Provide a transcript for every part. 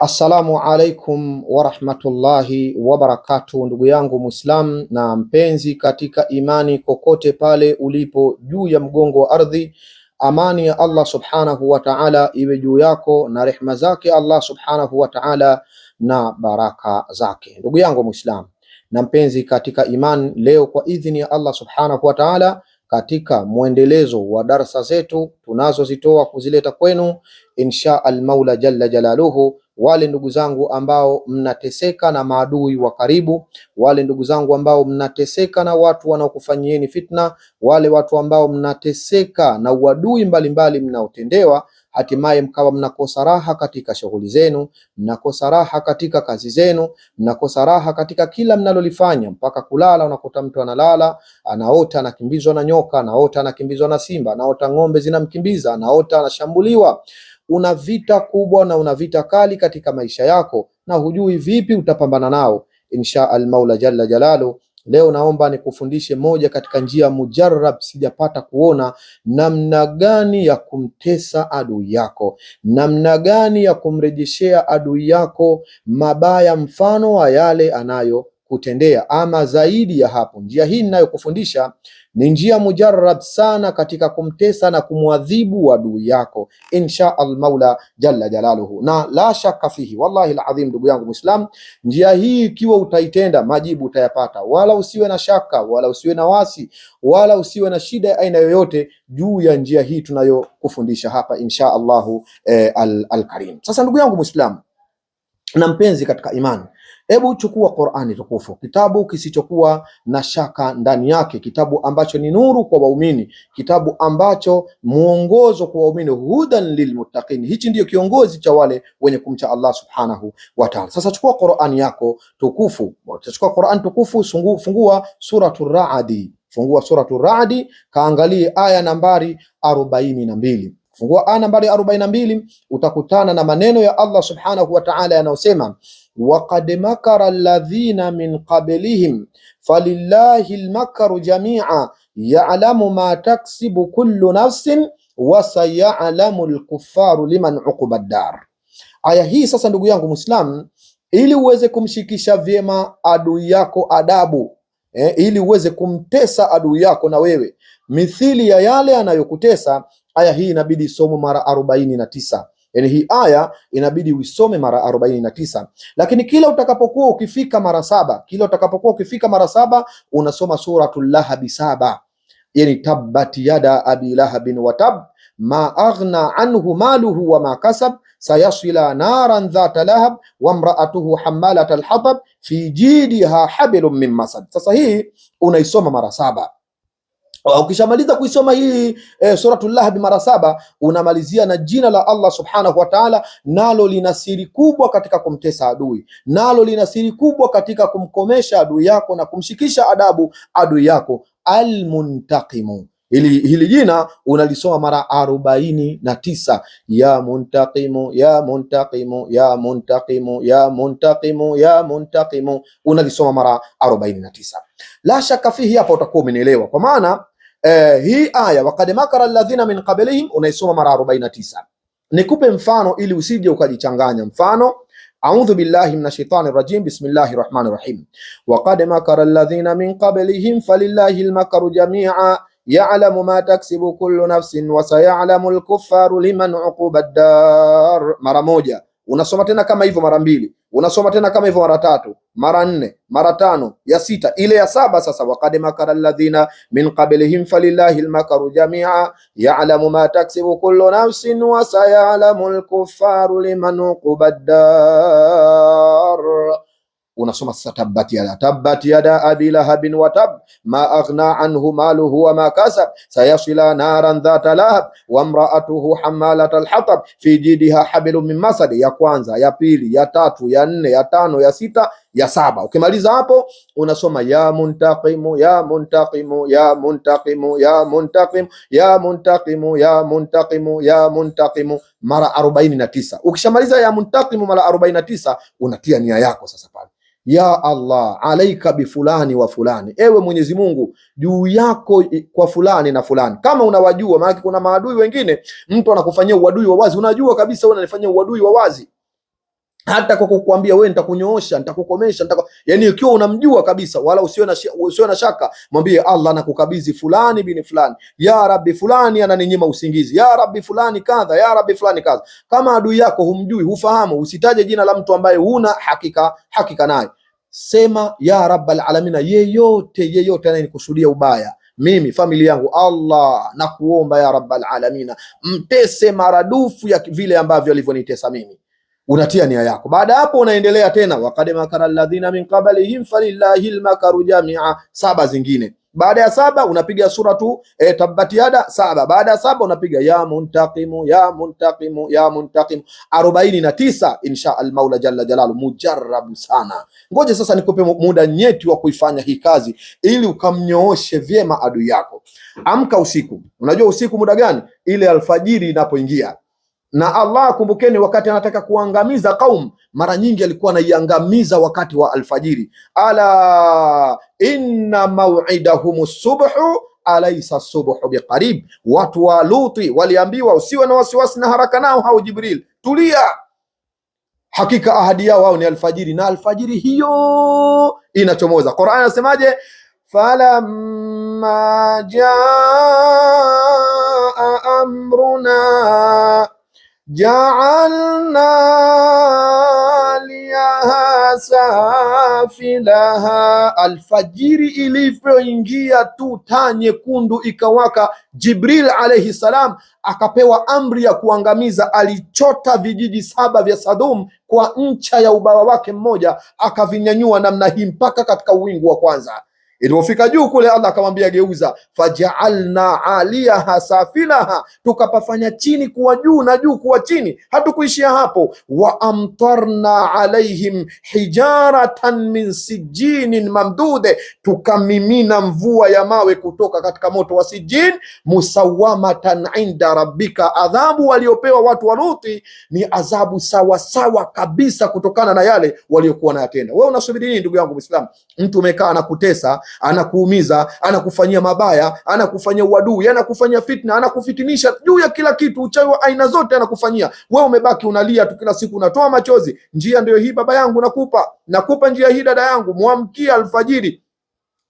Assalamu alaikum warahmatullahi wabarakatuh, ndugu yangu Muislam na mpenzi katika imani, kokote pale ulipo juu ya mgongo wa ardhi, amani ya Allah subhanahu wa ta'ala iwe juu yako na rehma zake Allah subhanahu wa ta'ala na baraka zake. Ndugu yangu Muislam na mpenzi katika imani, leo kwa idhini ya Allah subhanahu wa ta'ala katika mwendelezo wa darsa zetu tunazozitoa kuzileta kwenu insha al Maula jalla jalaluhu wale ndugu zangu ambao mnateseka na maadui wa karibu, wale ndugu zangu ambao mnateseka na watu wanaokufanyieni fitna, wale watu ambao mnateseka na uadui mbalimbali mnaotendewa hatimaye mkawa mnakosa raha katika shughuli zenu, mnakosa raha katika kazi zenu, mnakosa raha katika kila mnalolifanya. Mpaka kulala unakuta mtu analala, anaota anakimbizwa na nyoka, anaota anakimbizwa na simba, anaota ng'ombe zinamkimbiza, anaota anashambuliwa una vita kubwa na una vita kali katika maisha yako, na hujui vipi utapambana nao. Insha almaula jalla jalalu, leo naomba nikufundishe moja katika njia mujarrab, sijapata kuona namna gani ya kumtesa adui yako, namna gani ya kumrejeshea adui yako mabaya mfano wa yale anayo kutendea. Ama zaidi ya hapo, njia hii ninayokufundisha ni njia mujarrab sana katika kumtesa na kumwadhibu adui yako insha almaula jalla jalaluhu, na la shaka fihi, wallahi alazim. Ndugu yangu Muislam, njia hii ikiwa utaitenda, majibu utayapata, wala usiwe na shaka, wala usiwe na wasi, wala usiwe na shida ya aina yoyote juu ya njia hii tunayokufundisha hapa insha allahu eh, alkarim. Sasa ndugu yangu Muislamu, na mpenzi katika imani, hebu chukua Qur'ani tukufu, kitabu kisichokuwa na shaka ndani yake, kitabu ambacho ni nuru kwa waumini, kitabu ambacho mwongozo kwa waumini, hudan lilmuttaqin. Hichi ndiyo kiongozi cha wale wenye kumcha Allah subhanahu wa ta'ala. Sasa chukua Qur'ani yako tukufu, chukua Qur'ani tukufu, fungua suratul Ra'd, fungua suratul Ra'd, kaangalie aya nambari arobaini na mbili. Fungua aya nambari 42 utakutana na maneno ya Allah subhanahu wa ta'ala yanayosema waqad makara alladhina min qablihim falillahi almakaru jamia ya'lamu ma taksibu kullu nafsin wa sayalamu alkufaru liman uquba dar. Aya hii sasa, ndugu yangu Muislam, ili uweze kumshikisha vyema adui yako adabu eh, ili uweze kumtesa adui yako na wewe mithili ya yale anayokutesa aya hii inabidi isomwe mara arobaini na tisa. Yaani hii aya inabidi uisome mara arobaini na tisa, lakini kila utakapokuwa ukifika mara saba, kila utakapokuwa ukifika mara saba unasoma suratul lahabi saba, yani tabbat yada abi lahabin watab ma aghna anhu maluhu wa ma kasab sayasila naran dhata lahab wamraatuhu hamalat alhatab fi jidiha hablum min masad. Sasa hii unaisoma mara saba Ah, ukishamaliza kuisoma hii e, Suratul Lahab mara saba unamalizia na jina la Allah subhanahu wa taala, nalo lina siri kubwa katika kumtesa adui, nalo lina siri kubwa katika kumkomesha adui yako na kumshikisha adabu adui yako, Almuntaqimu Hili, hili jina unalisoma mara arobaini na tisa ya muntakimu ya muntakimu ya muntakimu ya muntakimu ya muntakimu, unalisoma mara arobaini na tisa la shaka fihi. Hapa utakuwa umenielewa kwa maana eh, hii aya waqad makara alladhina min qablihim unaisoma mara arobaini na tisa. Nikupe mfano ili usije ukajichanganya. Mfano, audhu billahi minash shaitani rajim bismillahi rahmani rahim wakad makara alladhina min qablihim falillahi almakaru jamia ya'lamu ma taksibu kullu nafsin wa sayalamu al-kuffaru liman uquba dar. Mara moja unasoma tena kama hivyo, mara mbili unasoma tena kama hivyo, mara tatu, mara nne, mara tano, ya sita, ile ya saba sasa, waqad makara alladhina min qablihim falillahi almakaru jamia ya'lamu ma taksibu kullu nafsin wa sayalamu al-kuffaru liman uquba dar unasoma sasa, tabbat yada tabbat yada abi lahabin wa tab ma aghna anhu maluhu wa ma kasab sayasila naran dhata lahab wa imra'atuhu hamalat alhatab fi jidiha hablum min masad. Ya kwanza ya pili ya tatu ya nne ya tano ya sita ya saba. Ukimaliza hapo unasoma ya muntaqimu ya muntaqimu ya muntaqimu ya muntaqimu ya muntaqimu ya muntaqimu ya muntaqimu mara 49. Ukishamaliza ya muntaqimu mara 49 unatia nia yako sasa pale ya Allah alaika bi fulani wa fulani, ewe Mwenyezi Mungu juu yako kwa fulani na fulani. Kama unawajua maana, kuna maadui wengine mtu anakufanyia uadui wa wazi, unajua kabisa wewe unanifanyia uadui wa wazi hata kwa kukwambia wewe nitakunyoosha, nitakukomesha, nitaku... yani ukiwa unamjua kabisa, wala usiwe na usiwe na shaka, mwambie Allah nakukabidhi fulani bin fulani, ya rabbi fulani ananinyima usingizi, ya rabbi fulani kadha, ya rabbi fulani kadha. Kama adui yako humjui, hufahamu, usitaje jina la mtu ambaye huna hakika hakika naye, sema ya rabbal alamina, yeyote yeyote anayenikusudia ubaya mimi familia yangu, Allah nakuomba ya rabbal alamina, mtese maradufu ya vile ambavyo alivyonitesa mimi unatia nia yako. Baada hapo unaendelea tena, waqad makara alladhina min qablihim falillahi almakaru jamia, saba zingine baada ya saba unapiga tu e, tabbat saba. Baada ya saba unapiga ya muntakimu ya muntakimu ya muntaqimu arobaini na tisa insha al maula jalla jalalu, mujarabu sana. Ngoja sasa nikupe muda nyeti wa kuifanya hii kazi ili ukamnyooshe vyema adui yako. Amka usiku, unajua usiku muda gani? Ile alfajiri inapoingia na Allah kumbukeni, wakati anataka kuangamiza kaum, mara nyingi alikuwa anaiangamiza wakati wa alfajiri. Ala inna maw'idahum subhu alaisa subhu biqarib. Watu wa Luti waliambiwa usiwe na wasiwasi na haraka nao hao Jibril, tulia, hakika ahadi yao wao ni alfajiri, na alfajiri hiyo inachomoza. Qur'an anasemaje? falamma jaa amruna jaalna liaha safilaha. Alfajiri ilivyoingia tu taa nyekundu ikawaka, Jibril alaihi salam akapewa amri ya kuangamiza. Alichota vijiji saba vya Sadum kwa ncha ya ubawa wake mmoja, akavinyanyua namna hii mpaka katika uwingu wa kwanza Ilipofika juu kule, Allah akamwambia geuza, fajaalna aliyaha safilaha, tukapafanya chini kuwa juu na juu kuwa chini. Hatukuishia hapo, wa amtarna alaihim hijaratan min sijinin mamdude, tukamimina mvua ya mawe kutoka katika moto wa Sijin. Musawamatan inda rabbika, adhabu waliopewa watu wa Luti ni adhabu sawasawa kabisa kutokana na yale waliokuwa nayatenda. Wewe unasubiri nini, ndugu yangu Muislamu? Mtu umekaa na kutesa anakuumiza, anakufanyia mabaya, anakufanyia uadui, anakufanyia fitna, anakufitinisha juu ya kila kitu, uchawi wa aina zote anakufanyia wewe. Umebaki unalia tu kila siku, unatoa machozi. Njia ndio hii baba yangu, nakupa nakupa njia hii dada yangu, mwamkia alfajiri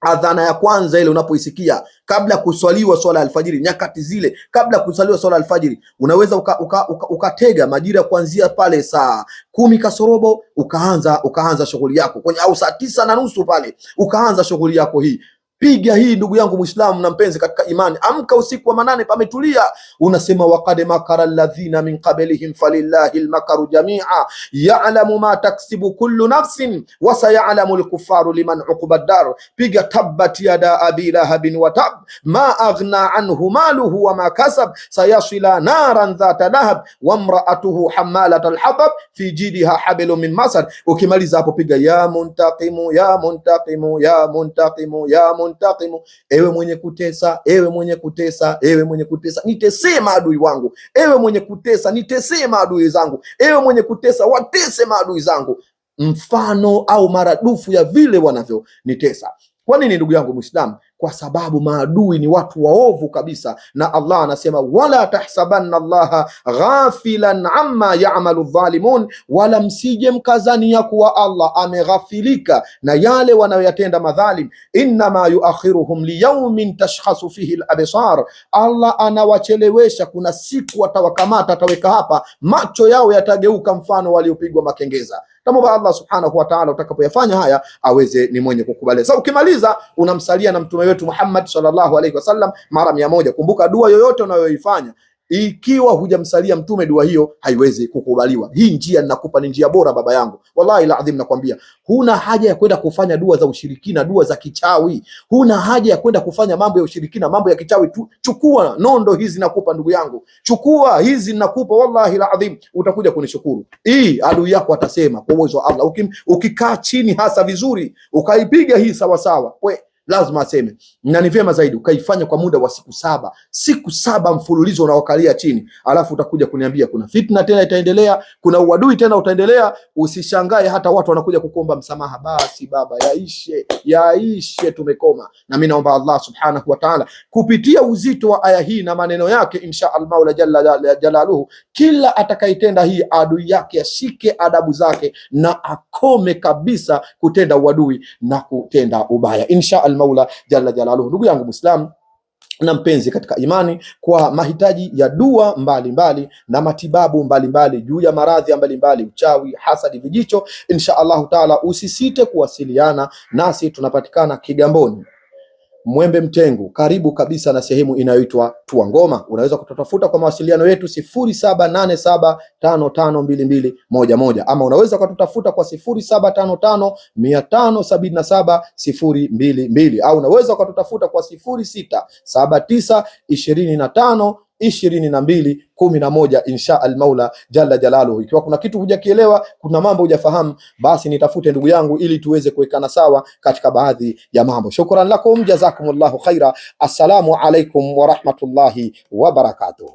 adhana ya kwanza ile unapoisikia kabla ya kuswaliwa swala alfajiri, nyakati zile kabla ya kuswaliwa swala alfajiri, unaweza ukatega uka, uka, uka majira kuanzia pale saa kumi kasorobo ukaanza ukaanza shughuli yako kwenye, au saa tisa na nusu pale ukaanza shughuli yako hii piga hii ndugu yangu Muislamu na mpenzi katika imani, amka usiku wa manane pametulia. Unasema waqad makara alladhina min qablihim falillahi almakaru jamia ya'lamu ma taksibu kullu nafsin wa sayalamu alkuffaru liman uqba dar. Piga tabbat yada abi lahabin wa tab ma aghna anhu maluhu wa ma kasab sayasila naran dhata lahab wa imra'atuhu hamalat alhatab fi jidiha hablu min masad. Ukimaliza hapo piga ya muntaqimu ya muntaqimu ya muntaqimu ya muntaqimu muntakimu, ewe mwenye kutesa, ewe mwenye kutesa, ewe mwenye kutesa nitesee maadui wangu, ewe mwenye kutesa nitesee maadui zangu, ewe mwenye kutesa watese maadui zangu mfano au maradufu ya vile wanavyonitesa. Kwa nini ndugu yangu Muislamu? kwa sababu maadui ni watu waovu kabisa, na Allah anasema wala tahsabanna llaha ghafilan amma ya'malu dhalimun, wala msije mkazania kuwa Allah ameghafilika na yale wanayoyatenda madhalim. Innama yuakhiruhum liyaumin tashkhasu fihi al-absar, Allah anawachelewesha, kuna siku atawakamata, ataweka hapa, macho yao yatageuka mfano waliopigwa makengeza. Tamwomba Allah subhanahu wa ta'ala, utakapoyafanya haya aweze ni mwenye kukubali. Sasa ukimaliza unamsalia na mtume wetu Muhammad sallallahu alaihi wasallam mara mia moja. Kumbuka dua yoyote unayoifanya ikiwa hujamsalia mtume, dua hiyo haiwezi kukubaliwa. Hii njia ninakupa ni njia bora, baba yangu, wallahi laadhim, nakwambia. Huna haja ya kwenda kufanya dua za ushirikina, dua za kichawi. Huna haja ya kwenda kufanya mambo ya ushirikina, mambo ya kichawi tu. Chukua nondo hizi nakupa, ndugu yangu, chukua hizi nakupa, wallahi laadhim, utakuja kunishukuru. Hii adui yako atasema kwa uwezo wa Allah, ukikaa chini hasa vizuri, ukaipiga hii sawasawa, we lazima aseme, na ni vyema zaidi ukaifanya kwa muda wa siku saba, siku saba mfululizo unaokalia chini, alafu utakuja kuniambia kuna fitna tena itaendelea, kuna uadui tena utaendelea. Usishangae hata watu wanakuja kukuomba msamaha, basi baba, yaishe, yaishe, tumekoma. Na mimi naomba Allah subhanahu wa ta'ala, kupitia uzito wa aya hii na maneno yake, insha Allah jalla jalaluhu, kila atakayetenda hii adui yake ashike adabu zake na akome kabisa kutenda uadui na kutenda ubaya insha Allah. Maula jalla jalaluhu. Ndugu yangu Muislamu na mpenzi katika imani, kwa mahitaji ya dua mbalimbali mbali, na matibabu mbalimbali juu ya maradhi mbalimbali, uchawi, hasadi, vijicho, insha Allahu taala, usisite kuwasiliana nasi, tunapatikana Kigamboni. Mwembe Mtengu, karibu kabisa na sehemu inayoitwa Tua Ngoma. Unaweza kututafuta kwa mawasiliano yetu sifuri saba nane saba tano tano mbili mbili moja moja ama unaweza ukatutafuta kwa sifuri saba tano tano mia tano sabini na saba sifuri mbili mbili au unaweza ukatutafuta kwa sifuri sita saba tisa ishirini na tano ishirini na mbili kumi na moja insha almaula jalla jalaluhu. Ikiwa kuna kitu hujakielewa, kuna mambo hujafahamu, basi nitafute ndugu yangu, ili tuweze kuwekana sawa katika baadhi ya mambo. Shukran lakum jazakumullahu khaira. Assalamu alaikum warahmatullahi wabarakatuh.